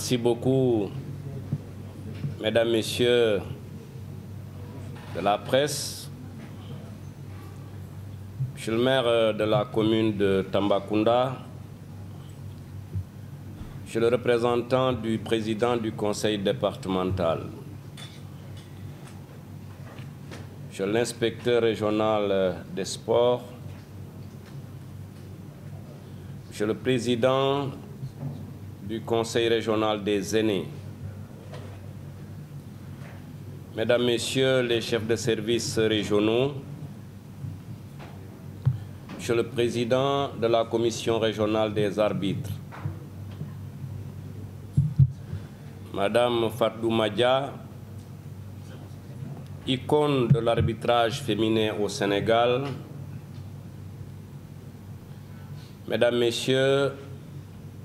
Merci beaucoup, mesdames, messieurs de la presse. Je suis le maire euh, de la commune de Tambacounda. Je suis le représentant du président du conseil départemental. Je suis l'inspecteur régional euh, des sports. Je suis le président du Conseil régional des aînés, Mesdames, Messieurs les chefs de services régionaux, Monsieur le Président de la Commission régionale des arbitres, Madame Fardou Madia, icône de l'arbitrage féminin au Sénégal, Mesdames, Messieurs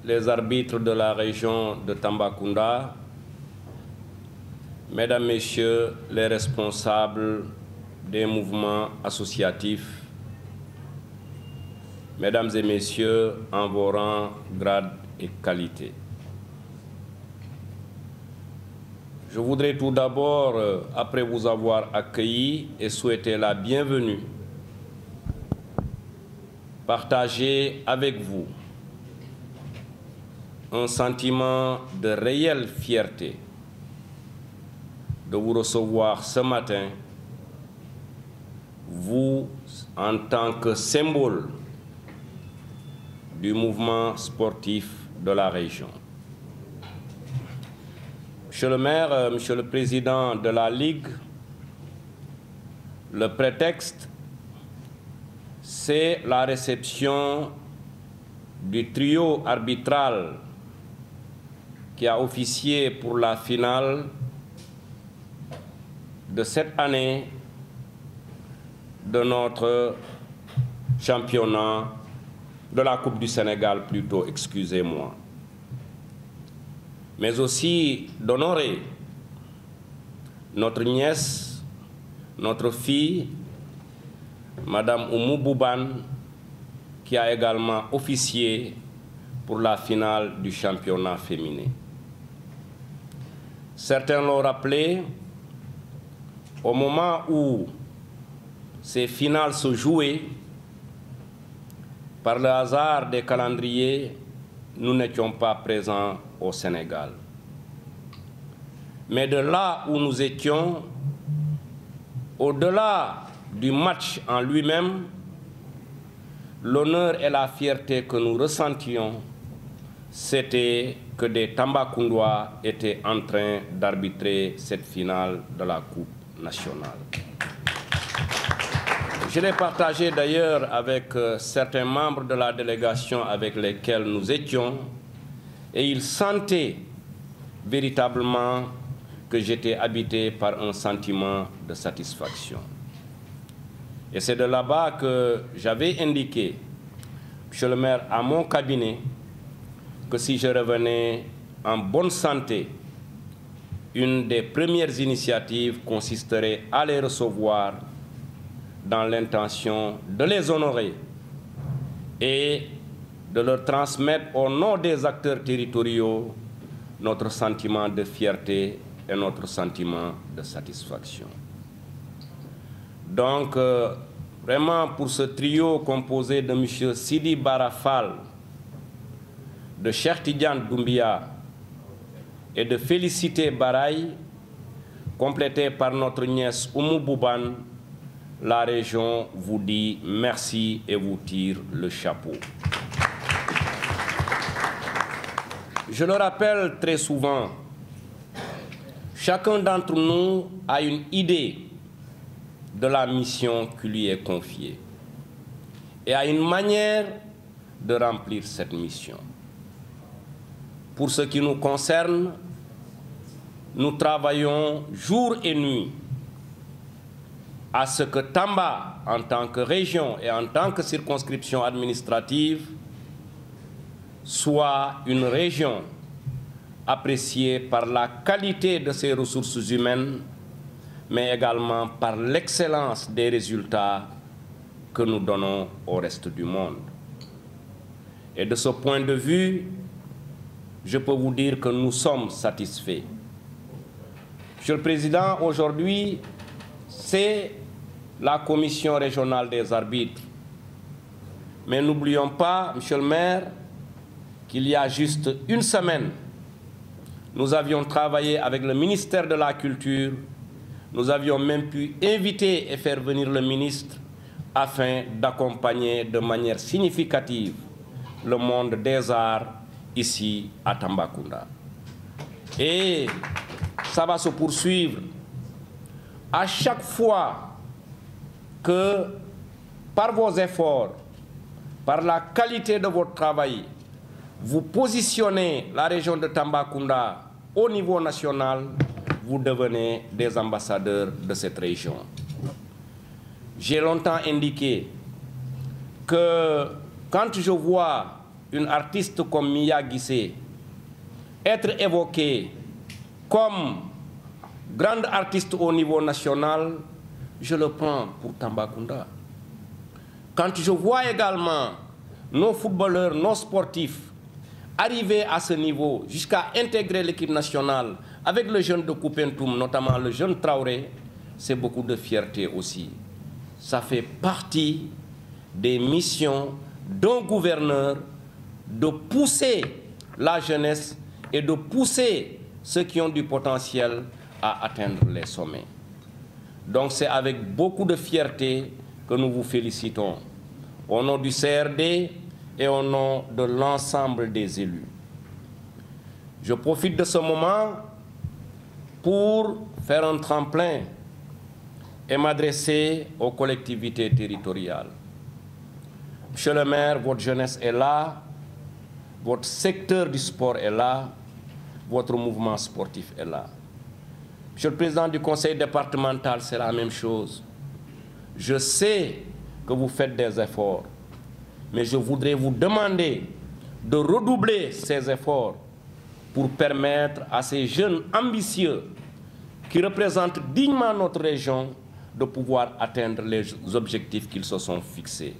les arbitres de la région de Tambacounda, Mesdames, Messieurs les responsables des mouvements associatifs, Mesdames et Messieurs en vos rangs, grades et qualités. Je voudrais tout d'abord, euh, après vous avoir accueilli et souhaiter la bienvenue, partager avec vous un sentiment de réelle fierté de vous recevoir ce matin, vous en tant que symbole du mouvement sportif de la région. Monsieur le maire, euh, monsieur le président de la Ligue, le prétexte, c'est la réception du trio arbitral qui a officié pour la finale de cette année de notre championnat de la Coupe du Sénégal, plutôt, excusez-moi. Mais aussi d'honorer notre nièce, notre fille, Madame Oumou Bouban, qui a également officié pour la finale du championnat féminin. Certains l'ont rappelé, au moment où ces finales se jouaient, par le hasard des calendriers, nous n'étions pas présents au Sénégal. Mais de là où nous étions, au-delà du match en lui-même, l'honneur et la fierté que nous ressentions, c'était que des Tambacoundois étaient en train d'arbitrer cette finale de la Coupe nationale. Je l'ai partagé d'ailleurs avec euh, certains membres de la délégation avec lesquels nous étions et ils sentaient véritablement que j'étais habité par un sentiment de satisfaction. Et c'est de là-bas que j'avais indiqué, monsieur le maire, à mon cabinet, que si je revenais en bonne santé, une des premières initiatives consisterait à les recevoir dans l'intention de les honorer et de leur transmettre au nom des acteurs territoriaux notre sentiment de fierté et notre sentiment de satisfaction. Donc, euh, vraiment, pour ce trio composé de M. Sidi Barafal, de Tidiane Doumbia et de Félicité Baraï, complétée par notre nièce Oumou Bouban, la région vous dit merci et vous tire le chapeau. Je le rappelle très souvent, chacun d'entre nous a une idée de la mission qui lui est confiée et a une manière de remplir cette mission. Pour ce qui nous concerne, nous travaillons jour et nuit à ce que Tamba, en tant que région et en tant que circonscription administrative, soit une région appréciée par la qualité de ses ressources humaines, mais également par l'excellence des résultats que nous donnons au reste du monde. Et de ce point de vue, je peux vous dire que nous sommes satisfaits. Monsieur le Président, aujourd'hui, c'est la commission régionale des arbitres. Mais n'oublions pas, Monsieur le maire, qu'il y a juste une semaine, nous avions travaillé avec le ministère de la Culture. Nous avions même pu inviter et faire venir le ministre afin d'accompagner de manière significative le monde des arts ici à Tambacounda. Et ça va se poursuivre à chaque fois que par vos efforts, par la qualité de votre travail, vous positionnez la région de Tambacounda au niveau national, vous devenez des ambassadeurs de cette région. J'ai longtemps indiqué que quand je vois d'une artiste comme Mia Gissé être évoquée comme grande artiste au niveau national, je le prends pour Tambacounda. Quand je vois également nos footballeurs, nos sportifs arriver à ce niveau, jusqu'à intégrer l'équipe nationale, avec le jeune de Coupentoum, notamment le jeune Traoré, c'est beaucoup de fierté aussi. Ça fait partie des missions d'un gouverneur de pousser la jeunesse et de pousser ceux qui ont du potentiel à atteindre les sommets. Donc c'est avec beaucoup de fierté que nous vous félicitons au nom du CRD et au nom de l'ensemble des élus. Je profite de ce moment pour faire un tremplin et m'adresser aux collectivités territoriales. Monsieur le maire, votre jeunesse est là, votre secteur du sport est là, votre mouvement sportif est là. Monsieur le Président du Conseil départemental, c'est la même chose. Je sais que vous faites des efforts, mais je voudrais vous demander de redoubler ces efforts pour permettre à ces jeunes ambitieux qui représentent dignement notre région de pouvoir atteindre les objectifs qu'ils se sont fixés.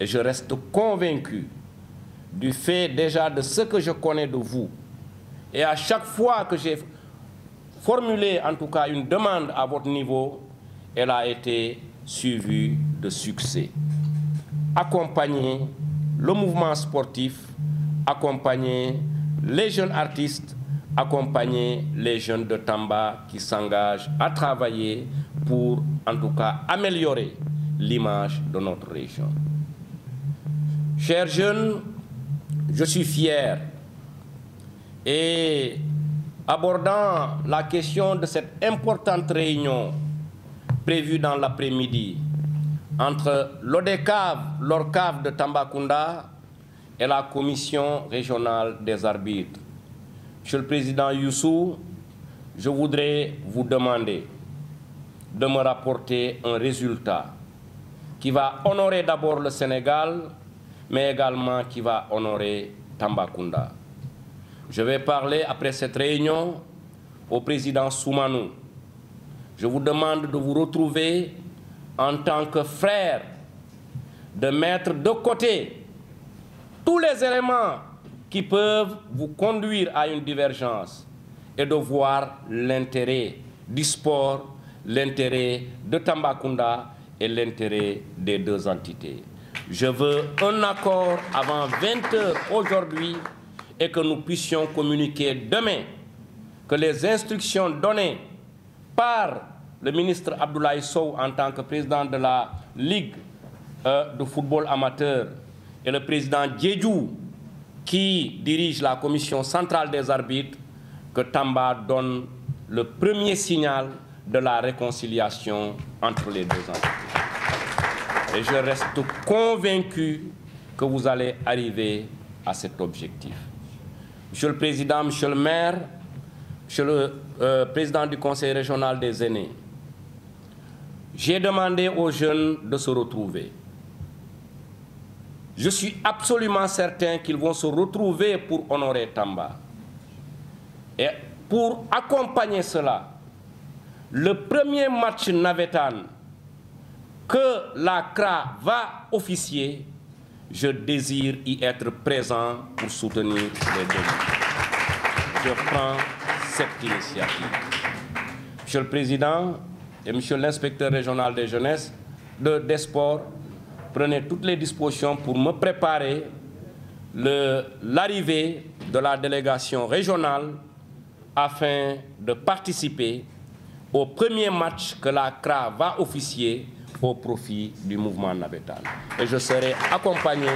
Et je reste convaincu du fait déjà de ce que je connais de vous. Et à chaque fois que j'ai formulé en tout cas une demande à votre niveau, elle a été suivie de succès. Accompagner le mouvement sportif, accompagner les jeunes artistes, accompagner les jeunes de Tamba qui s'engagent à travailler pour en tout cas améliorer l'image de notre région. Chers jeunes, je suis fier. Et abordant la question de cette importante réunion prévue dans l'après-midi entre l'ODECAV, l'ORCAV de Tambacounda et la Commission régionale des arbitres. Monsieur le Président Youssou, je voudrais vous demander de me rapporter un résultat qui va honorer d'abord le Sénégal, mais également qui va honorer Tambacounda. Je vais parler après cette réunion au président Soumanou. Je vous demande de vous retrouver en tant que frère, de mettre de côté tous les éléments qui peuvent vous conduire à une divergence et de voir l'intérêt du sport, l'intérêt de Tambacounda et l'intérêt des deux entités. Je veux un accord avant 20 heures aujourd'hui et que nous puissions communiquer demain que les instructions données par le ministre Abdoulaye Sow en tant que président de la Ligue euh, de football amateur et le président Djedjou qui dirige la commission centrale des arbitres, que Tamba donne le premier signal de la réconciliation entre les deux entités. Et je reste convaincu que vous allez arriver à cet objectif. Monsieur le Président, Monsieur le maire, Monsieur le euh, Président du Conseil régional des aînés, j'ai demandé aux jeunes de se retrouver. Je suis absolument certain qu'ils vont se retrouver pour honorer Tamba. Et pour accompagner cela, le premier match Navetan que la CRA va officier, je désire y être présent pour soutenir les deux. Je prends cette initiative. Monsieur le Président et Monsieur l'inspecteur régional des jeunesses, de, des sports, prenez toutes les dispositions pour me préparer l'arrivée de la délégation régionale afin de participer au premier match que la CRA va officier au profit du mouvement nabétal Et je serai accompagné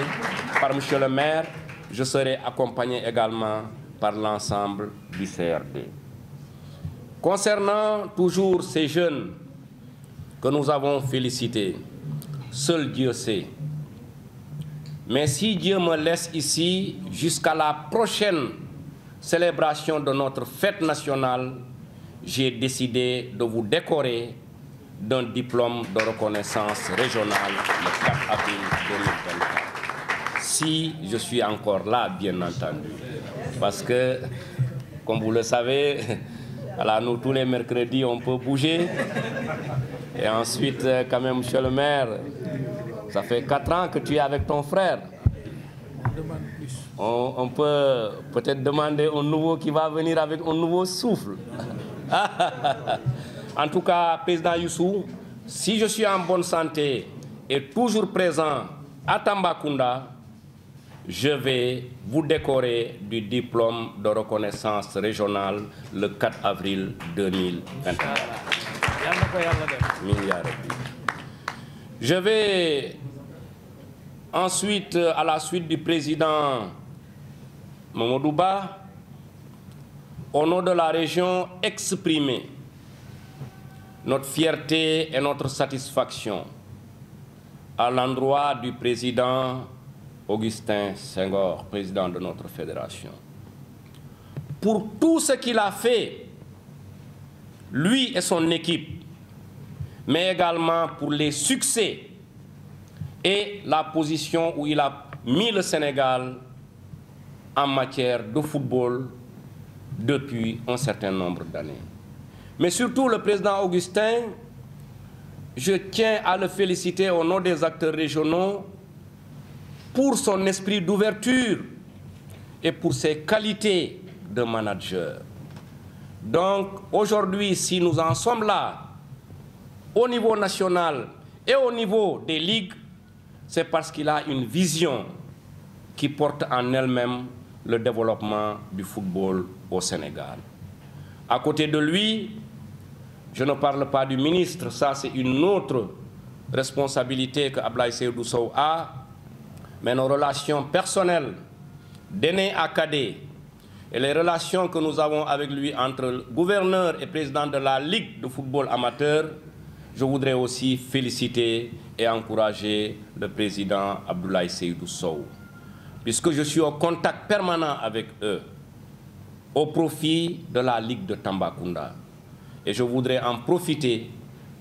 par M. le maire, je serai accompagné également par l'ensemble du CRD. Concernant toujours ces jeunes que nous avons félicités, seul Dieu sait. Mais si Dieu me laisse ici jusqu'à la prochaine célébration de notre fête nationale, j'ai décidé de vous décorer d'un diplôme de reconnaissance régionale le 4 avril Si je suis encore là, bien entendu, parce que, comme vous le savez, nous, tous les mercredis, on peut bouger. Et ensuite, euh, quand même, monsieur le maire, ça fait 4 ans que tu es avec ton frère. On, peut peut-être demander au nouveau qui va venir avec un nouveau souffle. En tout cas, Président Youssou, si je suis en bonne santé et toujours présent à Tambacounda, je vais vous décorer du diplôme de reconnaissance régionale le 4 avril 2021. Je vais ensuite, à la suite du président Momodouba, au nom de la région, exprimer notre fierté et notre satisfaction à l'endroit du président Augustin Senghor, président de notre fédération, pour tout ce qu'il a fait, lui et son équipe, mais également pour les succès et la position où il a mis le Sénégal en matière de football depuis un certain nombre d'années. Mais surtout, le président Augustin, je tiens à le féliciter au nom des acteurs régionaux pour son esprit d'ouverture et pour ses qualités de manager. Donc aujourd'hui, si nous en sommes là, au niveau national et au niveau des ligues, c'est parce qu'il a une vision qui porte en elle-même le développement du football au Sénégal. À côté de lui, je ne parle pas du ministre, ça c'est une autre responsabilité que Abdoulaye Seydou a, mais nos relations personnelles d'aîné à et les relations que nous avons avec lui entre le gouverneur et président de la Ligue de football amateur, je voudrais aussi féliciter et encourager le président Abdoulaye Seydou Sow, puisque je suis en contact permanent avec eux au profit de la Ligue de Tambacounda. Et je voudrais en profiter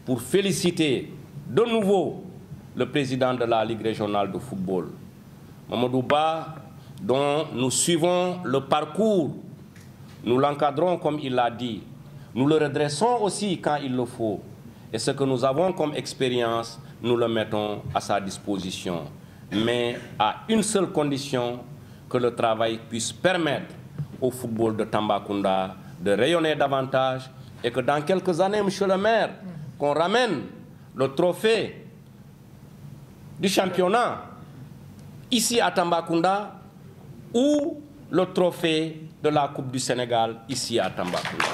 pour féliciter de nouveau le président de la Ligue régionale de football, Mamadou Ba, dont nous suivons le parcours. Nous l'encadrons comme il l'a dit. Nous le redressons aussi quand il le faut. Et ce que nous avons comme expérience, nous le mettons à sa disposition. Mais à une seule condition, que le travail puisse permettre au football de Tambacounda de rayonner davantage et que dans quelques années, monsieur le maire, qu'on ramène le trophée du championnat ici à Tambacounda ou le trophée de la Coupe du Sénégal ici à Tambacounda.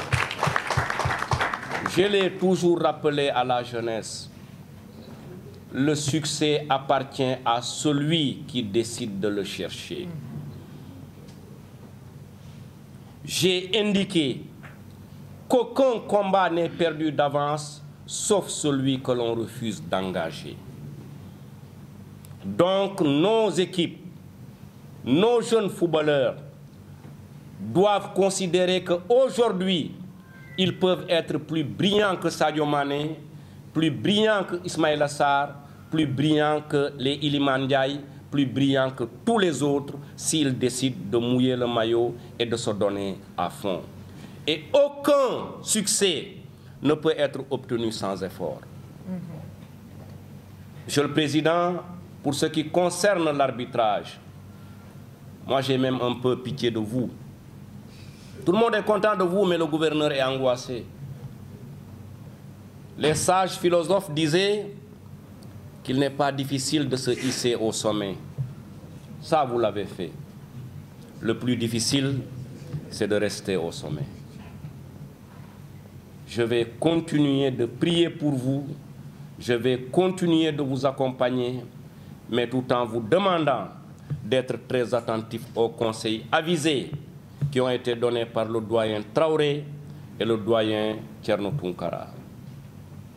Je l'ai toujours rappelé à la jeunesse, le succès appartient à celui qui décide de le chercher. J'ai indiqué qu'aucun combat n'est perdu d'avance, sauf celui que l'on refuse d'engager. Donc nos équipes, nos jeunes footballeurs doivent considérer qu'aujourd'hui, ils peuvent être plus brillants que Sadio Mané, plus brillants que Ismaël Assar, plus brillants que les Ilimandiaï, plus brillants que tous les autres s'ils décident de mouiller le maillot et de se donner à fond. Et aucun succès ne peut être obtenu sans effort. Mm-hmm. Monsieur le Président, pour ce qui concerne l'arbitrage, moi j'ai même un peu pitié de vous. Tout le monde est content de vous, mais le gouverneur est angoissé. Les sages philosophes disaient qu'il n'est pas difficile de se hisser au sommet. Ça, vous l'avez fait. Le plus difficile, c'est de rester au sommet. Je vais continuer de prier pour vous. Je vais continuer de vous accompagner, mais tout en vous demandant d'être très attentif aux conseils avisés qui ont été donnés par le doyen Traoré et le doyen Tcherno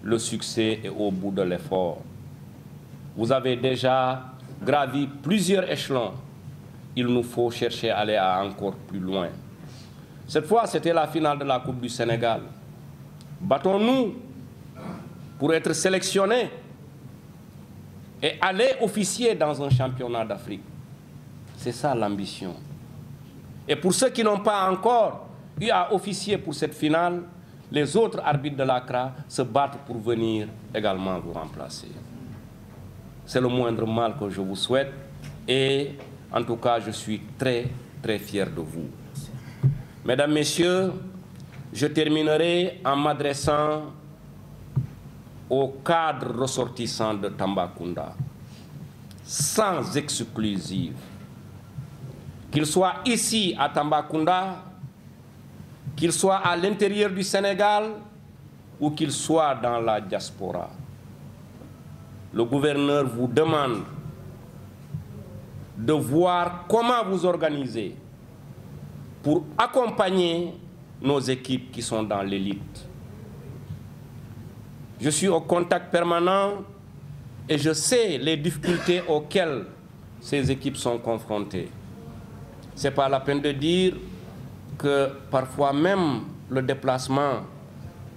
Le succès est au bout de l'effort. Vous avez déjà gravi plusieurs échelons. Il nous faut chercher à aller encore plus loin. Cette fois, c'était la finale de la Coupe du Sénégal. Battons-nous pour être sélectionnés et aller officier dans un championnat d'Afrique. C'est ça l'ambition. Et pour ceux qui n'ont pas encore eu à officier pour cette finale, les autres arbitres de l'ACRA se battent pour venir également vous remplacer. C'est le moindre mal que je vous souhaite et en tout cas, je suis très, très fier de vous. Mesdames, Messieurs, je terminerai en m'adressant aux cadres ressortissants de Tambacounda, sans exclusive, qu'il soit ici à Tambacounda, qu'il soit à l'intérieur du Sénégal ou qu'il soit dans la diaspora. Le gouverneur vous demande de voir comment vous organisez pour accompagner nos équipes qui sont dans l'élite. Je suis au contact permanent et je sais les difficultés auxquelles ces équipes sont confrontées. Ce n'est pas la peine de dire que parfois même le déplacement,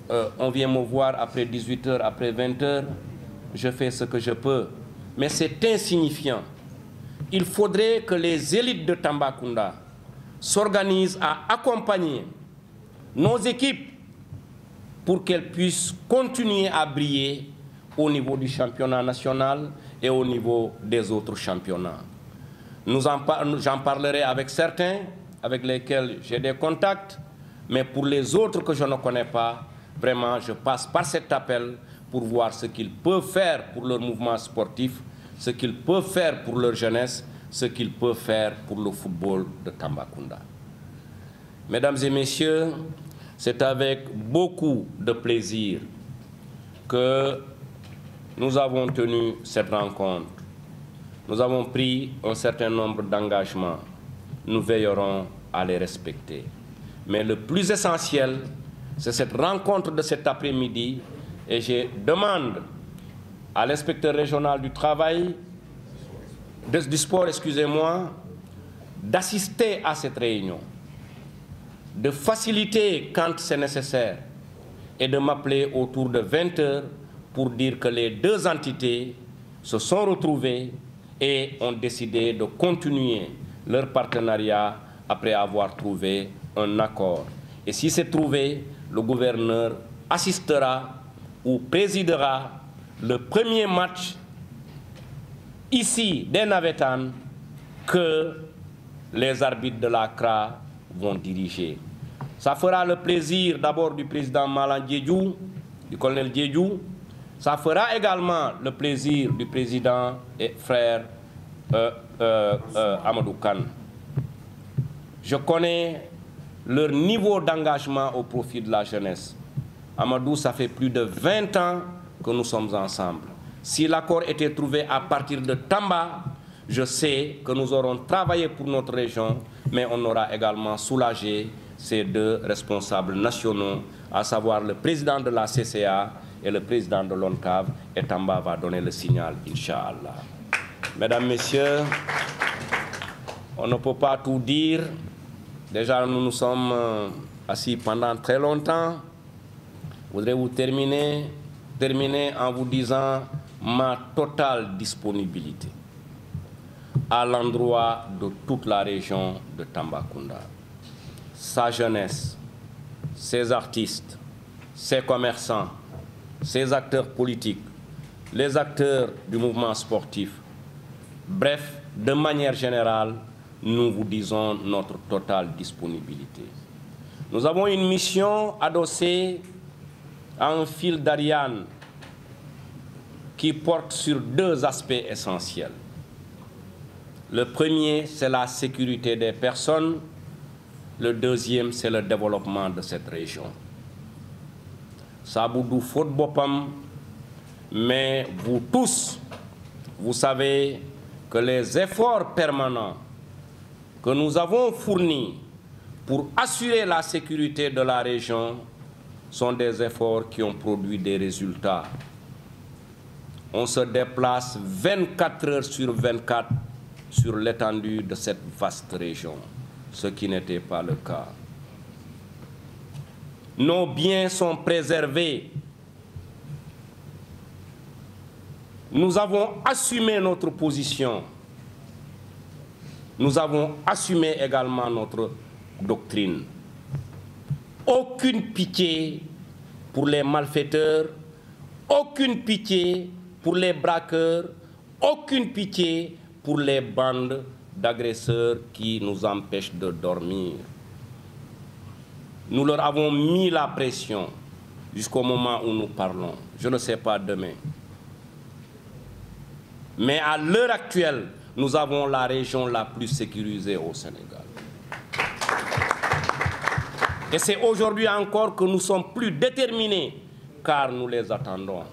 euh, on vient me voir après 18h, après 20h, je fais ce que je peux. Mais c'est insignifiant. Il faudrait que les élites de Tambacounda s'organisent à accompagner nos équipes pour qu'elles puissent continuer à briller au niveau du championnat national et au niveau des autres championnats. J'en parlerai avec certains avec lesquels j'ai des contacts, mais pour les autres que je ne connais pas, vraiment, je passe par cet appel pour voir ce qu'ils peuvent faire pour leur mouvement sportif, ce qu'ils peuvent faire pour leur jeunesse, ce qu'ils peuvent faire pour le football de Tambacounda. Mesdames et messieurs, c'est avec beaucoup de plaisir que nous avons tenu cette rencontre. Nous avons pris un certain nombre d'engagements. Nous veillerons à les respecter. Mais le plus essentiel, c'est cette rencontre de cet après-midi et je demande à l'inspecteur régional du travail, du sport, excusez-moi, d'assister à cette réunion de faciliter quand c'est nécessaire et de m'appeler autour de 20 heures pour dire que les deux entités se sont retrouvées et ont décidé de continuer leur partenariat après avoir trouvé un accord. Et si c'est trouvé, le gouverneur assistera ou présidera le premier match ici des Navetan que les arbitres de l'ACRA vont diriger. Ça fera le plaisir d'abord du président Malan du colonel Diédjou. Ça fera également le plaisir du président et frère euh, euh, euh, Amadou Khan. Je connais leur niveau d'engagement au profit de la jeunesse. Amadou, ça fait plus de 20 ans que nous sommes ensemble. Si l'accord était trouvé à partir de Tamba, je sais que nous aurons travaillé pour notre région mais on aura également soulagé ces deux responsables nationaux, à savoir le président de la CCA et le président de l'ONCAV. Et Tamba va donner le signal, Inch'Allah. Mesdames, Messieurs, on ne peut pas tout dire. Déjà, nous nous sommes euh, assis pendant très longtemps. Je voudrais vous terminer, terminer en vous disant ma totale disponibilité à l'endroit de toute la région de Tambacounda. Sa jeunesse, ses artistes, ses commerçants, ses acteurs politiques, les acteurs du mouvement sportif. Bref, de manière générale, nous vous disons notre totale disponibilité. Nous avons une mission adossée à un fil d'Ariane qui porte sur deux aspects essentiels le premier, c'est la sécurité des personnes. Le deuxième, c'est le développement de cette région. Saboudou Fodbopam, mais vous tous, vous savez que les efforts permanents que nous avons fournis pour assurer la sécurité de la région sont des efforts qui ont produit des résultats. On se déplace 24 heures sur 24 sur l'étendue de cette vaste région, ce qui n'était pas le cas. Nos biens sont préservés. Nous avons assumé notre position. Nous avons assumé également notre doctrine. Aucune pitié pour les malfaiteurs, aucune pitié pour les braqueurs, aucune pitié pour les bandes d'agresseurs qui nous empêchent de dormir. Nous leur avons mis la pression jusqu'au moment où nous parlons. Je ne sais pas demain. Mais à l'heure actuelle, nous avons la région la plus sécurisée au Sénégal. Et c'est aujourd'hui encore que nous sommes plus déterminés car nous les attendons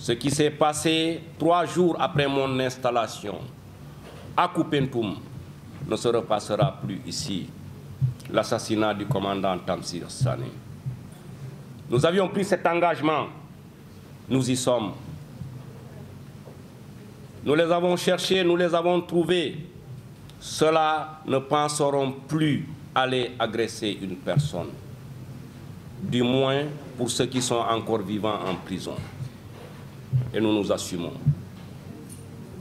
ce qui s'est passé trois jours après mon installation à Koupentoum ne se repassera plus ici, l'assassinat du commandant Tamsir Sané. Nous avions pris cet engagement, nous y sommes. Nous les avons cherchés, nous les avons trouvés. Ceux-là ne penseront plus aller agresser une personne, du moins pour ceux qui sont encore vivants en prison et nous nous assumons.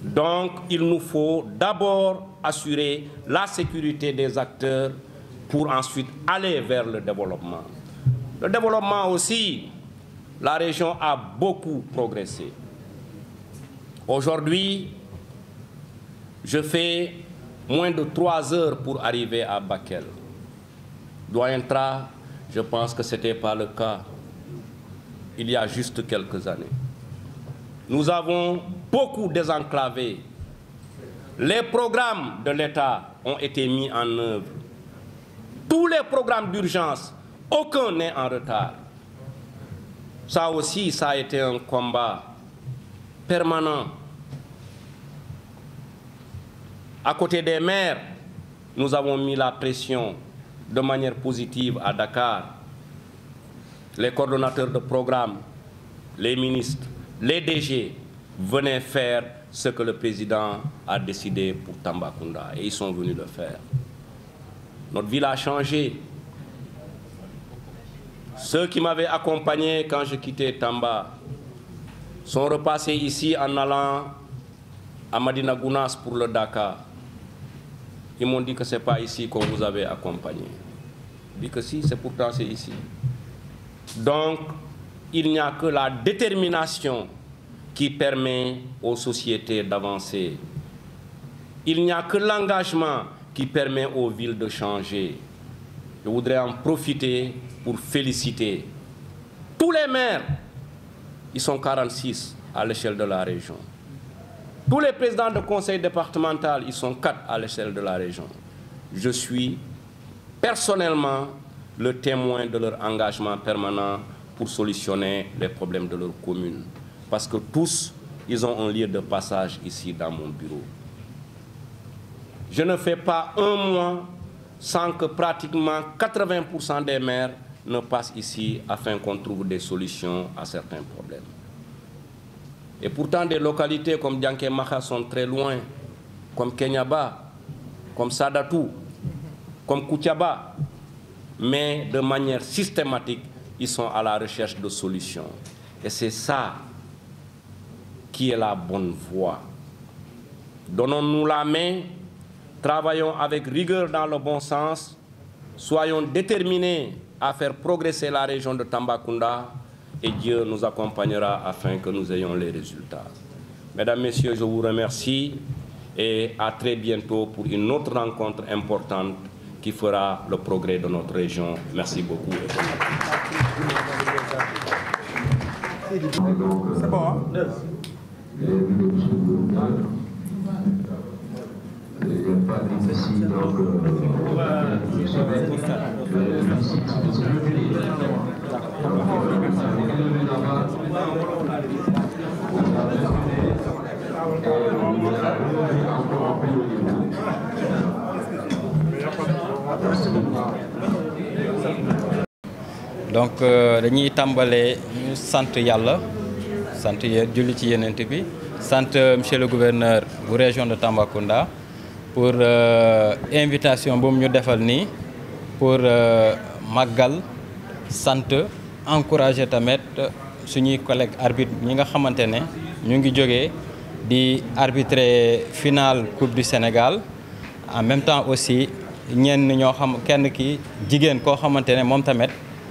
Donc, il nous faut d'abord assurer la sécurité des acteurs pour ensuite aller vers le développement. Le développement aussi, la région a beaucoup progressé. Aujourd'hui, je fais moins de trois heures pour arriver à Bakel. Doyentra, je pense que ce n'était pas le cas il y a juste quelques années nous avons beaucoup désenclavé. Les programmes de l'État ont été mis en œuvre. Tous les programmes d'urgence, aucun n'est en retard. Ça aussi, ça a été un combat permanent. À côté des maires, nous avons mis la pression de manière positive à Dakar, les coordonnateurs de programmes, les ministres les DG venaient faire ce que le président a décidé pour Tambacounda et ils sont venus le faire. Notre ville a changé. Ceux qui m'avaient accompagné quand je quittais Tamba sont repassés ici en allant à Madina Gounas pour le Dakar. Ils m'ont dit que ce n'est pas ici qu'on vous avait accompagné. Je dis que si, c'est pourtant c'est ici. Donc, il n'y a que la détermination qui permet aux sociétés d'avancer. Il n'y a que l'engagement qui permet aux villes de changer. Je voudrais en profiter pour féliciter tous les maires, ils sont 46 à l'échelle de la région. Tous les présidents de conseil départemental, ils sont 4 à l'échelle de la région. Je suis personnellement le témoin de leur engagement permanent pour solutionner les problèmes de leur commune. Parce que tous, ils ont un lieu de passage ici dans mon bureau. Je ne fais pas un mois sans que pratiquement 80% des maires ne passent ici afin qu'on trouve des solutions à certains problèmes. Et pourtant, des localités comme Dianke-Maha sont très loin, comme Kenyaba, comme Sadatou, comme Koutiaba, mais de manière systématique, ils sont à la recherche de solutions. Et c'est ça qui est la bonne voie. Donnons-nous la main, travaillons avec rigueur dans le bon sens, soyons déterminés à faire progresser la région de Tambacounda et Dieu nous accompagnera afin que nous ayons les résultats. Mesdames, Messieurs, je vous remercie et à très bientôt pour une autre rencontre importante qui fera le progrès de notre région. Merci beaucoup. Hein? donc euh, dañuy tàmbalee ñu sant yalla sant yéen ci yenent bi sant euh, monsieur le gouverneur de la région de Tambacounda pour euh, invitation bu mu ñu defal nii pour Magal, santé, encourager tamit suñuy collègue arbitre ñi nga xamante ne ñu ngi jógee di arbitrer finale coupe du Sénégal en même temps aussi ñenn ñoo xam kenn ki jigéen koo xamante ne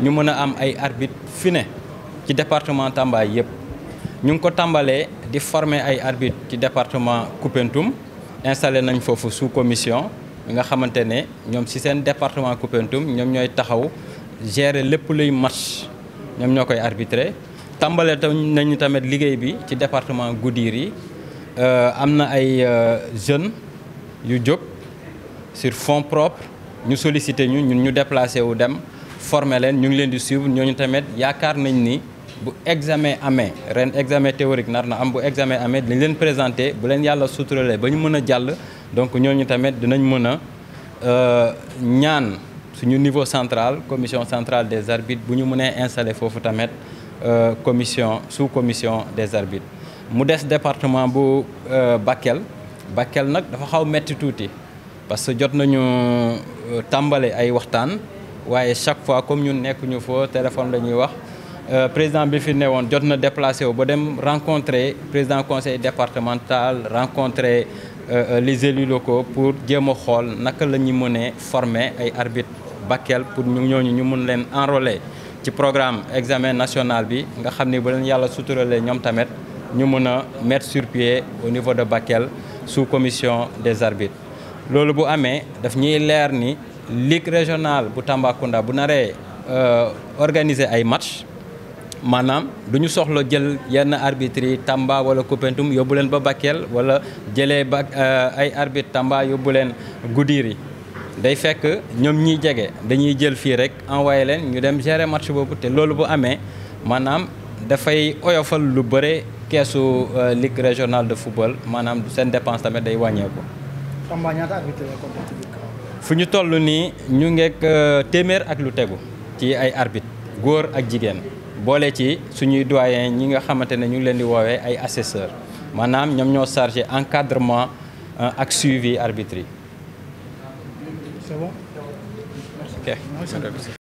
ñu mën am ay arbitre fi ci département Tamba yëpp ñu ko tambalé di former ay arbitre ci département Koupentoum installé nañ fofu sous commission nga xamante ne ñoom si seen département Koupentoum ñom ñoy taxaw gérer lepp luy match ñom ñokay arbitrer tambalé tam nañu tamit liggéey bi ci département Goudiri euh, amna ay euh, jeunes yu jóg sur fonds propres ñu sollicité ñu nous ñu au wu dem Formellement, nous ñu ngi leen suivre examen examen théorique nous examen nous donc nous euh, niveau central commission centrale des arbitres nous installé euh, commission sous commission des arbitres mu département bu euh, Bakel Bakel dafa xaw metti parce que jot nañu tambalé ay waxtaan chaque fois comme ñun nekkuñu fa téléphone la Le euh, président bi a été déplacé pour rencontrer dem rencontrer président conseil départemental rencontrer euh, euh, les élus locaux pour jéem a nous naka la former ay arbitres Bakel pour ñu puissent ñu le programme examen national Nous avons mis nous mettre sur pied au niveau de Bakel sous commission des arbitres Ce bu amee daf ñuy leer ni ligue régionale bu Tambacounda bu euh organiser ay match manam duñu soxlo jël yenn arbitre Tamba wala Koupentoum yóbbu ba Bakel wala jëlee ba euh, ay arbitre Tamba yobulen leen Goudiri day fekk ñom ñi jege dañuy jël fi rek envoyer leen ñu dem gérer match bobu té lolu bu manam maanaam dafay oyofal lu bëre keesu euh, ligue régionale de football maanaam sen dépense tamé day wàññeeku. Tamba ñata arbitre la fu ñu toll nii ñu ngeeg euh, téeméer ak lu tegu ci ay arbitre góor ak jigéen boole ci suñuy doyen ñi nga xamante ne ñu ngi leen di woowee ay assesseur maanaam ñoom ñoo chargé encadrement euh, ak suivi arbitre yi. C'est